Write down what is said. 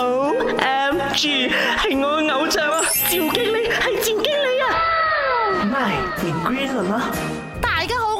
OMG，係我嘅偶像啊！趙經理係趙經理啊！咪你 green 啦，大家好。